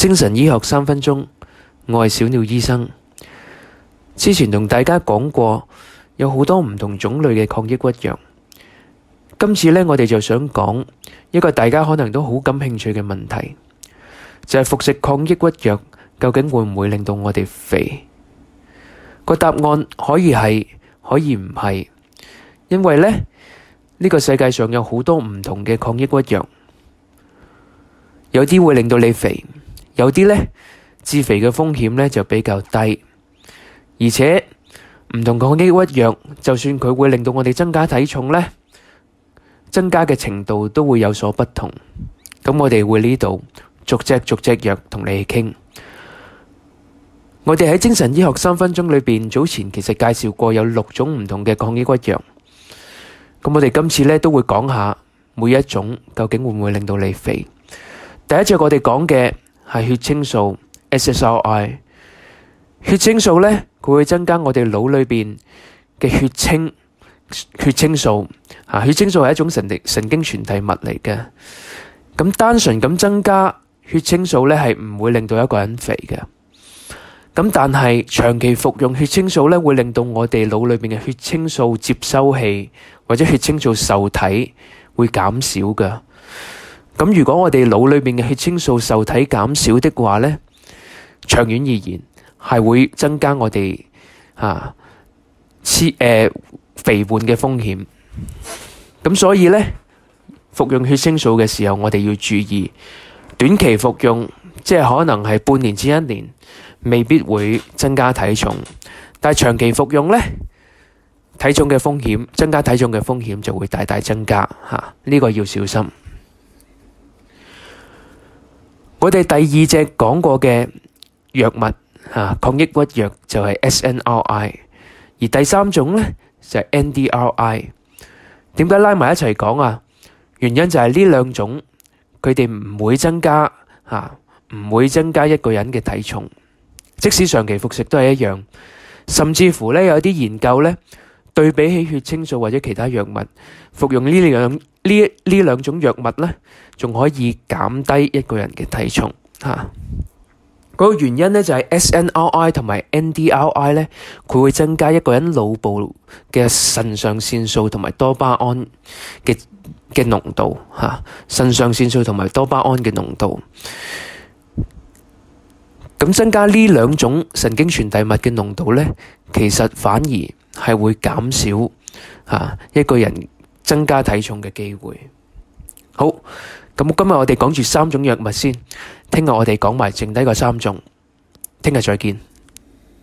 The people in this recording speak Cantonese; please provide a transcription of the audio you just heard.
精神醫學三分鐘，我係小鳥醫生。之前同大家講過，有好多唔同種類嘅抗抑鬱藥。今次呢，我哋就想講一個大家可能都好感興趣嘅問題，就係服食抗抑鬱藥究竟會唔會令到我哋肥？個答案可以係，可以唔係，因為呢，呢個世界上有好多唔同嘅抗抑鬱藥，有啲會令到你肥。有啲咧，致肥嘅風險咧就比較低，而且唔同抗抑鬱藥，就算佢會令到我哋增加體重咧，增加嘅程度都會有所不同。咁我哋會呢度逐隻逐隻藥同你去傾。我哋喺精神醫學三分鐘裏邊早前其實介紹過有六種唔同嘅抗抑鬱藥，咁我哋今次咧都會講下每一種究竟會唔會令到你肥。第一隻我哋講嘅。係血清素 （SSRI）。血清素呢，佢會增加我哋腦裏邊嘅血清。血清素啊，血清素係一種神神經傳遞物嚟嘅。咁單純咁增加血清素呢，係唔會令到一個人肥嘅。咁但係長期服用血清素呢，會令到我哋腦裏邊嘅血清素接收器或者血清素受體會減少嘅。咁如果我哋腦裏面嘅血清素受體減少的話呢，長遠而言係會增加我哋啊，黐誒、呃、肥胖嘅風險。咁所以呢，服用血清素嘅時候，我哋要注意短期服用，即係可能係半年至一年，未必會增加體重，但係長期服用呢，體重嘅風險增加體重嘅風險就會大大增加吓，呢、啊呢個要小心。我哋第二隻講過嘅藥物嚇抗抑鬱藥就係、是、SNRI，而第三種咧就係、是、NDRI。點解拉埋一齊講啊？原因就係呢兩種佢哋唔會增加嚇，唔、啊、會增加一個人嘅體重，即使長期服食都係一樣。甚至乎咧有啲研究咧。對比起血清素或者其他藥物，服用呢兩呢呢兩種藥物咧，仲可以減低一個人嘅體重吓。嗰個原因咧就係 SNRI 同埋 NDRI 咧，佢會增加一個人腦部嘅腎上腺素同埋多巴胺嘅嘅濃度吓，腎上腺素同埋多巴胺嘅濃度。咁增加呢兩種神經傳遞物嘅濃度咧，其實反而。係會減少嚇一個人增加體重嘅機會。好，咁今日我哋講住三種藥物先，聽日我哋講埋剩低嗰三種，聽日再見。